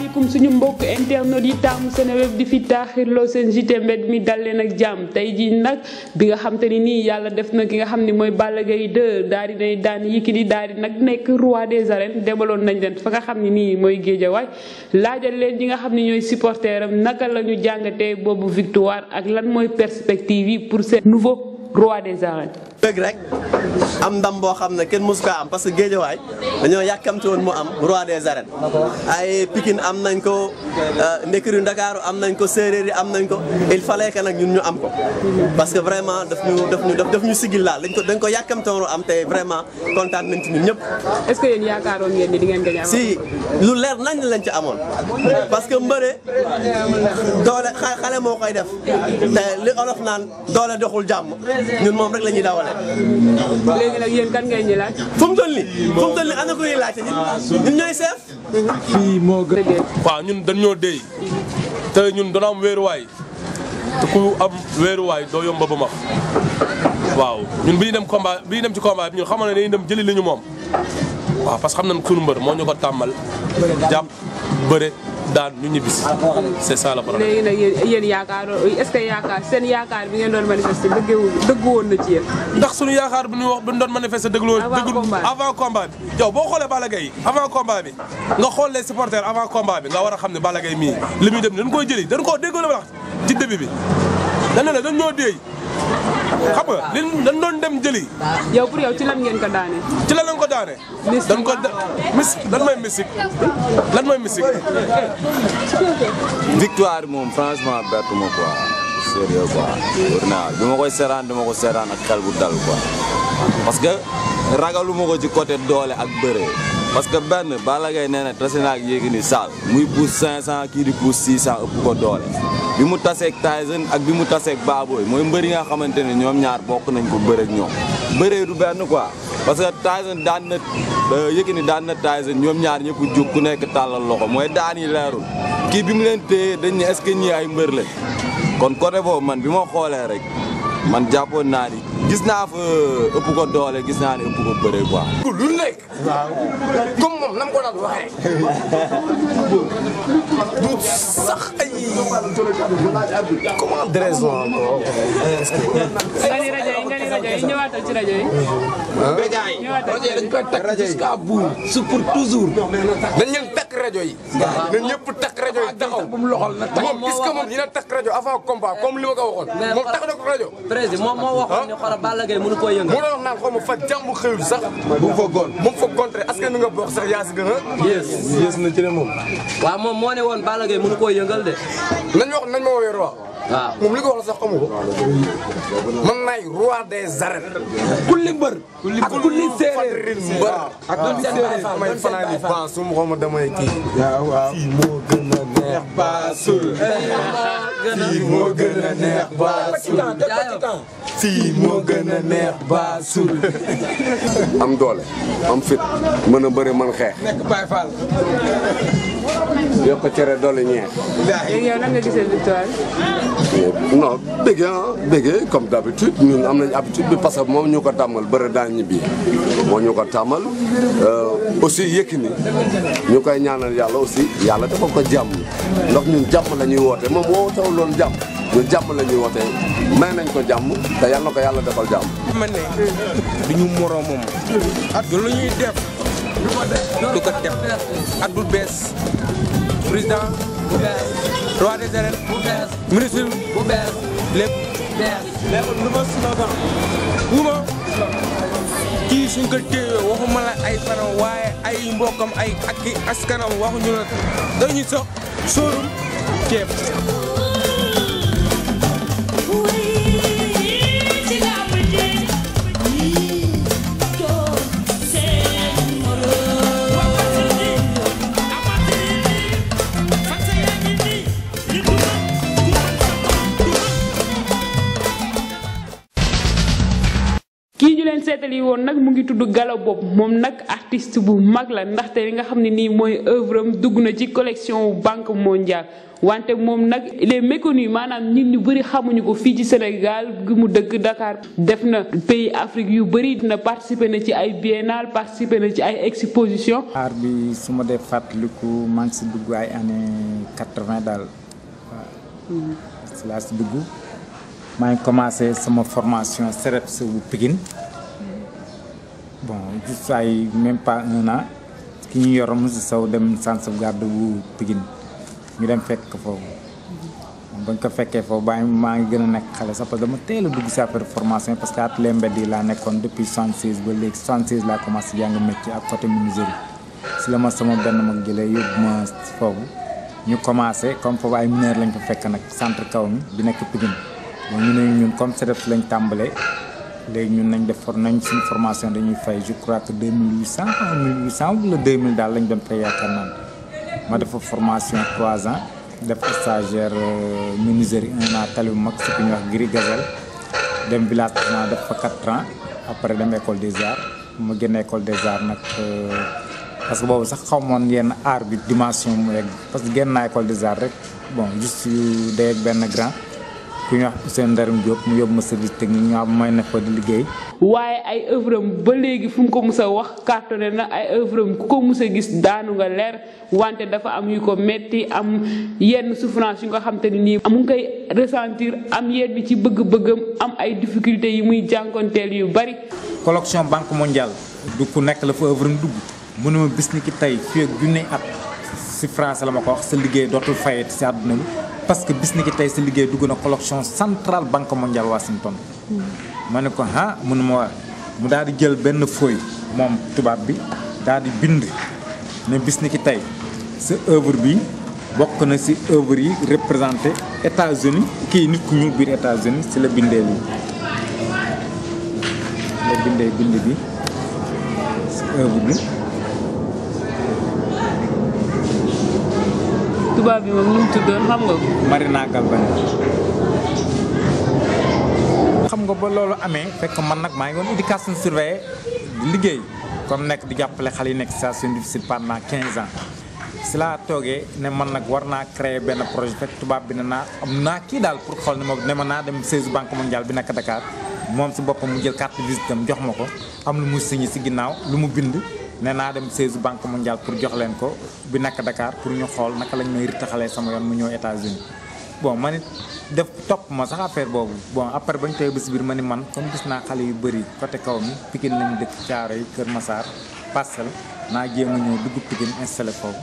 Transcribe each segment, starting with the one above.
asalaamaaleykum suñu mbokk internet yi taamu Seneweb di fi taaxirloo seen JT Mbed mi dal leen ak jàmm tey jii nag bi nga xam ni nii yàlla def na ki nga xam ni mooy Balla Gaye 2 daal di daan Yékini daal di nag nekk roi des arènes debaloon nañ leen fa nga xam ni nii mooy Géejawaay laajal leen ñi nga xam ni ñooy supporter am naka la ñu jàngatee boobu victoire ak lan mooy perspective yi pour ce nouveau roi des arènes. tëg rek am ndam boo xam ne kenn mosu kaa am parce que géejawaay dañoo yàkkamti woon mu am roi des arènes ay Pikine am nañ ko euh, ndekkiru Ndakaaru am nañ ko séeréer yi am nañ ko il fallait que nag ñun ñu am ko parce que vraiment daf ñu daf ñu daf ñu sigil laal dañ ko dañ ko yàkkamti woon am te vraiment kontaan nañ ci ñun ñëpp. est que yéen yaakaaroon ni di ngeen gañ si lu leer nañ lañ ci amoon parce que mbëre doole xale moo koy def te li olof naan doole doxul jàmm ñun moom rek la ñuy dawale léegi nag yéen kan ngay ñi laaj. fu mu toll nii fu mu toll nii ana ñun ñun ñooy seef. fii ñun dañ ñoo dee te ñun dana am te ku am weeruwaay doo yomb ba max waaw ñun bi ñu dem combat bi dem ci combat bi ñun xamal ne dañuy dem jëli li ñu moom waaw parce que xam nañ sunu mbër moo ñu ko tàmmal jàpp bëre. daan ñu ñibbisi c'est ça le problème. yaakaar seen yaakaar bi ngeen doon manifester dëggeewul dëggu woon na ci ndax suñu yaakaar bu ñu wax bu ñu doon manifester dëggloo. avant combat bi boo xoolee Balla Gaye avant combat bi nga xool les supporters avant combat bi nga war a xam ne Balla Gaye mii muy dem dañ koy jëli dañ koo déggoo la wax ci début bi dañ ne la dañ ñoo déey. xam nga li doon dem jëli. yow pour yow ci lan ngeen ko daane. ci lan lañ ko daane. dañ ko mis lan mooy mystique lan mooy mystique. victoire moom franchement bett ma quoi sérieux quoi wër bi ma koy seeraan dama ko seeraan ak xel bu dal quoi parce que ragalu ma ko ci côté doole ak bëree. parce que benn Balla Gaye nee na tase na ak Yékini Saal muy pousse 500 kii di pousse 600 ëpp ko doole bi mu taseeg Tyson ak bi mu taseeg baabooy mooy mbër yi nga xamante ne ñoom ñaar bokk nañ ko bëre ak ñoom bëree du benn quoi parce que Tyson daan na euh, Yékini daan na Tyson ñoom ñaar ñëpp jóg ku nekk tàllal loxo mooy daan i leerul kii bi mu leen téye dañ ne est ay mbër la kon côté boobu man bi ma xoolee rek man jàppoon naa ni gis naa fa euh, ëpp ko doole gis naa ne ëpp ko bëre quoi. lu nekk. waaw comme moom na ma ko daan waxee. du sax comment dirais-je encore. nga ni rajo yi nga ni rajo yi ñëwaatal ci rajo yi. rajo yi dañ koy takk jusqu'à bout. su pour toujours. dañ leen takk rajo yi. waaw ñun ñëpp takk rajo yi taxaw. moom est-ce que moom dina takk rajo avant combat comme li ma ko waxoon. moom takk na ko rajo. président moom moo waxoon ne xoolal Balla Gaye mënu koo yëngal. mu doon wax naan xaw ma fa jàmbu xëyul sax. bu mu fa gon bu mu fa contré askan wi nga bokk sax yaa si gën a. yées yées na ci ne moom. waaw moom moo ne woon Balla Gaye mënu koo yëngal de nañ ma wax nañ ma woowee roi waaw moom li ko sax ko. man maay roi des arènes. kulli mbër. kulli mbër kulli séeréer mbër. ak kulli séeréer may fanaan baasul xaw ma damay kii. waaw fii neex baasul. fii moo neex baasul. am doole am fit mën a bëri mën xeex. nekk cere doole ñeex. non bëggee ah bëggee comme d'habitude ñun am nañ habitude bi parce que moom ñu ko tàmmal bëri daa ñibbi moo ñu ko tàmmal euh, aussi Yékini ñu koy ñaanal yàlla aussi yàlla dafa ko jàmm ndax ñun jàmm la ñuy woote moom woo taw loolu jàmm ñun jàmm la ñuy woote may nañ ko jàmm te yàlla na ko yàlla defal jàmm. man ne du ñu moroomam du lu ñuy def du ko def at du bees président. roi des arènes bu bees ministre bu kii suñ ko téewee ay fanam waaye ay mbokkam ay ak askanam waxuñu la dañu sox sóorum ceeb seetali woon nag mu ngi tudd Galo Bob moom nag artiste bu mag la ndaxte li nga xamni ni moy œuvreum œuvre ci collection Banque mondiale wante mom nak il est méconnu maanaam nit ñu bëri xamuñu ko fi ci Sénégal gu mu dëkk Dakar def na pays Afrique yu bari na participer na ci ay biennale participer na ci ay exposition art bi suma ma dee fàttaliku maa ngi si ay année 80 dal daal waaw hmm. si laa si dugg ngi commencé sama formation CREPS bu Pikine juste ay même pas un an ki ñu yor Moussa Sow dem centre sauvegarde bu Pikine ñu dem fekk foofu. bañ ko fekkee foofu ba maa ngi gën a nekk xale sax parce que dama teel dugg si affaire formation parce que atelier mbedd yi laa nekkoon depuis 76 ba léegi 76 laa commencé jàng métier ak côté menuiserie si la ma sama benn mag jëlee yóbbu ma foofu. ñu commencé comme foofu ay mineur lañ ko fekk nag centre kaw mi di nekk Pikine bon ne ñun comme CEDEPS lañ tàmbalee. léegi ñun nañ def for nañ suñu formation dañuy fay je crois que deux mille huit cent mille huit cent wala deux mille daal lañ doon fay yaakaar naan ma defa formation trois ans def stagiaire euh, menuiserie un an tali bu mag si ku ñuy wax Gris Gazelle dem village naa def fa quatre ans après dem école des arts mu génn école des arts nag euh, parce que boobu sax xaw xamoon yenn art bi dimension mu yegg parce que génn naa école des arts rek bon juste day benn grand ku ñu wax Ousseynou Ndaram Diop mu yóbbu ma service technique ñu may na fa di liggéey. waaye ay œuvre ba léegi fu mu ko mus a wax cartonné na ay œuvre ku ko mus a gis daanu nga leer wante dafa am yu ko metti am yenn souffrance yu nga xam ne nii mu ngi koy ressentir am bi ci bëgg-bëggam am ay difficultés yi muy jàngoonteel yu bari. collection banque mondiale du ku nekk la fa œuvre dugg mu ne ma bis ni ki tey fii ak junne at si France la ma ko wax sa liggéey dootul fayet si parce que bis ni ki tey sa liggéey dugg na collection centrale banque mondiale Washington. Hmm. ma ne ko ah mun ma mu daal di jël benn feuille moom tubaab bi daal di bind ne bis ni ki tey sa bi bokk na si œuvre yi représenté États-Unis kii nit ku ñuul biir États-Unis ci la bindee lii la bindee bind bi ci œuvre bi. tubaab bi moom nu mu tudd xam nga mari naakal ba xam nga ba loolu amee fekk man nag maa ngi éducation surveillée liggéey comme nekk di jàppale xale yi nekk situation difficile pendant 15 ans si laa toogee ne man nag war naa créer benn projet fekk tubaab bi ne naa am naa kii daal pour xool ne ma ne ma naa dem siège banque mondiale bi nekk Dakar moom si boppam mu jël carte visite am jox ma am lu mu signé si ginnaaw lu mu bind ne naa dem siège banque mondiale pour jox leen ko bi nekk Dakar pour ñu xool naka lañ may rittaxalee sama yoon mu ñëw États-Unis bon man it def topp ma sax affaire boobu bon ba bañ tey bis biir ma ni man comme gis naa xale yu bëri côté kaw mi Pikine lañu dëkk Thiaroye yi Kër Massar Parcelles naa jéem a ñëw dugg Pikine installé foofu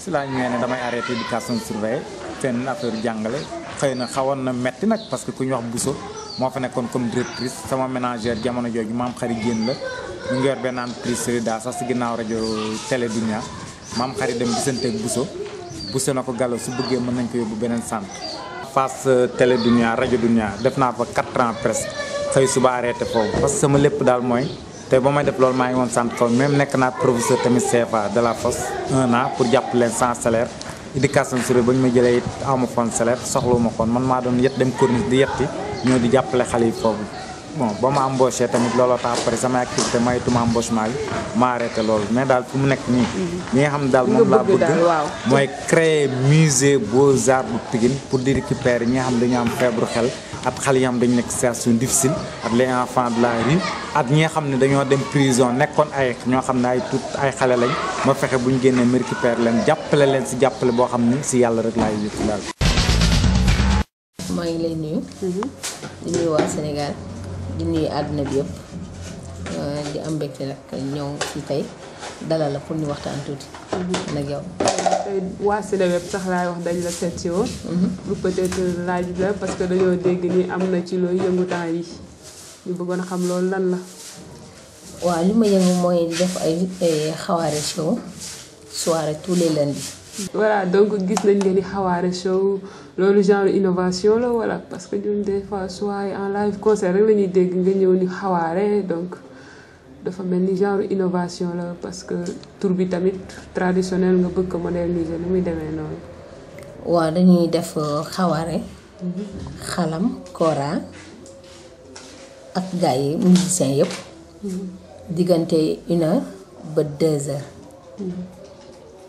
si laa ñëwee ne damay arrêté éducation surveillée fenn affaire jàngale xëy na xawoon na metti nag parce que ku ñu wax Bousso moo fa nekkoon comme directrice sama ménagère jamono jooju maam xari génn la ñu ngi yor benn entreprise Solida sax si ginnaaw rajo Télé Dunia maam xari dem gisante ak Bousso Bousso na ko galo su bëggee mën nañ ko yóbbu beneen sant face Télé Dunia rajo Dunia def naa fa 4 ans presque xëy suba arrêté foofu parce que sama lépp daal mooy te ba may def loolu maa ngi woon sant kaw même nekk naa professeur tamit CFA la fosse un jàpp leen sans salaire. Idi Kassam Touré ba ñu ma jëlee it aw ma foon salaire soxla ma foon man maa doon yet dem corniche di yetti ñoo di jàppale xale yi foofu bon ba ma embauché tamit looloo tax après sama activité maytuma embauchement bi ma arrêté loolu mais daal fu mu nekk nii. li nga xam daal moom laa bëgg mooy créer musée beaux arts bu Pikine pour di récupérer ñi nga xam dañu am feebaru xel ak xale yi nga xam dañu nekk situation difficile ak les enfants de la rue ak ñi xam ne dañoo dem prison nekkoon ay ñoo xam ne ay tout ay xale lañ ma fexe bu ñu génnee ma récupérer leen jàppale leen si jàppale boo xam ni si yàlla rek laay yëpp di nuyu àdduna bi yëpp euh, di am mbégte nag ñëw ci tey dalal la pour ñu waxtaan tuuti. nag yow. waa Sida Web sax wax dañ la seet si mhm. parce que dañoo dégg ni am na ci looy yëngu temps yi ñu bëggoon a xam loolu lan la. waaw li ma yëngu mooy def ay xawaare show soirée tous les lundis. voilà donc gis nañ leen di xawaare show loolu genre innovation la voilà parce que ñun des fois soit en live concert rek la ñuy dégg nga ñëw ni xawaare donc dafa mel ni genre innovation la parce que tur bi tamit traditionnel nga bëgg ko moderniser nu muy demee noonu. waaw dañuy def xawaare. Euh, xalam mm-hmm. kora ak gars yi musiciens yëpp. Mm-hmm. diggante une heure ba deux heures. Mm-hmm.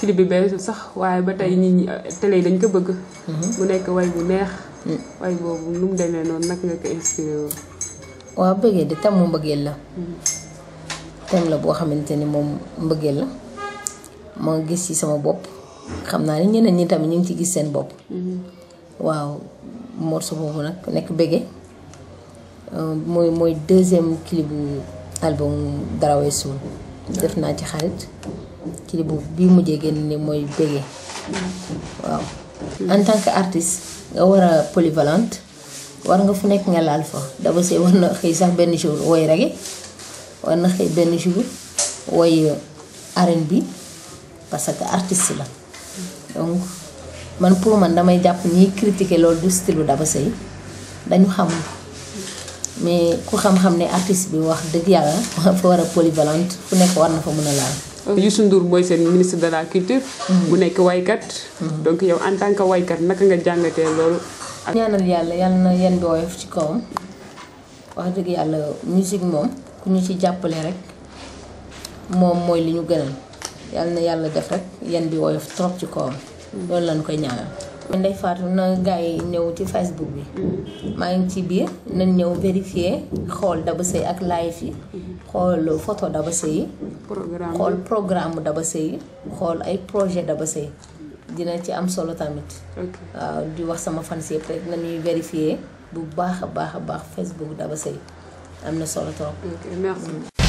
clip bi beesu sax waaye ba tey nit ñi euh, télé yi dañ ko bëgg mhm. mu nekk way bu neex mm. way boobu nu mu demee noonu nag nga ko inspiré woon waaw bëggee di tam mu mbëggeel la tam mm. la boo xamante ni moom mbëggeel la ma gis ci sama bopp xam naa ni ñeneen ñi tamit ñu ngi ci gis seen bopp mm-hmm. waaw morso boobu nag nekk bëggee euh, mooy mooy deuxième clip bu album dara weesul def naa ci xarit clip bu bii mujjee génn ni mooy béggee waaw en tant que artiste nga war a polyvalente war nga fu nekk nga laal fa Daba Seye war na xëy sax benn jour woy reggae war na xëy benn jour woy R&B parce que artiste la donc man pour man damay jàpp ñiy critiquer loolu du style Daba Seye dañu xam mais ku xam-xam ne artiste bi wax dëgg yàlla fa war a polyvalente fu nekk war na fa mën a laal. Youssou Ndour mooy seen ministre de la culture. Mm-hmm. bu nekk waykat. Mm-hmm. donc yow en tant que waykat naka nga jàngatee loolu. ñaanal yàlla yàlla na yan bi woyof ci kawam wax dëgg yàlla musique moom ku ñu ci jàppale rek moom mooy li ñu gënal yàlla na yàlla def rek yan bi woyof trop ci kawam. Mm-hmm. loolu lañ koy ñaanal. Ndeye Fatou na gars yi ñëw ci Facebook bi maa ngi ci biir nañ ñëw vérifier xool Daba Seye ak live yi xool photo Daba Seye xool programme Daba Seye xool ay projet Daba Seye dina ci am solo tamit waaw di wax sama fans yëpp rek nañuy vérifier bu baax a baax a baax Facebook Daba Seye am na solo trop